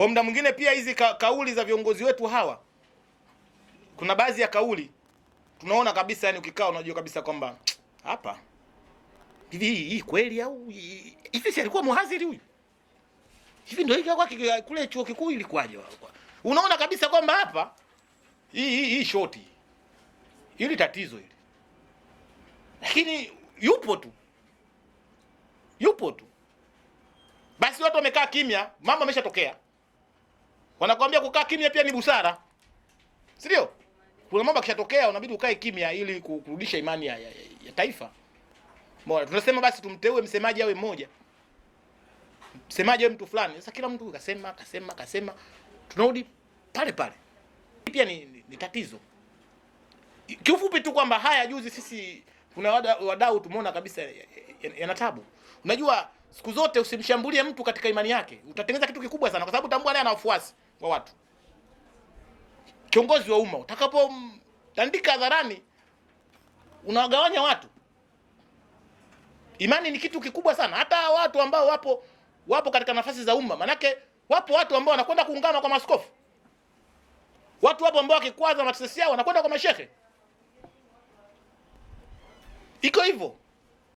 Kwa muda mwingine pia hizi ka, kauli za viongozi wetu hawa, kuna baadhi ya kauli tunaona kabisa, yani ukikaa unajua kabisa kwamba hapa hivi hii kweli au hivi, si alikuwa muhadhiri huyu? Hivi ndio hiyo kwake kule chuo kikuu ilikuwaje? Unaona kabisa kwamba hapa hii hii hii shoti hili tatizo hili, lakini yupo tu, yupo tu. Basi watu wamekaa kimya, mambo ameshatokea wanakwambia kukaa kimya pia ni busara, si ndio? Kuna mambo akishatokea unabidi ukae kimya ili kurudisha imani ya, ya, ya taifa. Mbona tunasema basi tumteue msemaji awe mmoja, msemaji awe mtu fulani. Sasa kila mtu kasema kasema kasema, tunarudi pale pale. Pia ni, ni, ni tatizo kiufupi tu kwamba haya juzi sisi kuna wadau tumeona kabisa yana tabu. Unajua, siku zote usimshambulie mtu katika imani yake, utatengeneza kitu kikubwa sana, kwa sababu tambua naye ana wafuasi wa watu. Kiongozi wa umma utakapotandika hadharani, unawagawanya watu. Imani ni kitu kikubwa sana, hata watu ambao wapo wapo katika nafasi za umma. Manake wapo watu ambao wanakwenda kuungana kwa maskofu watu wapo ambao wakikwaza matesesi yao wanakwenda kwa mashehe, iko hivyo.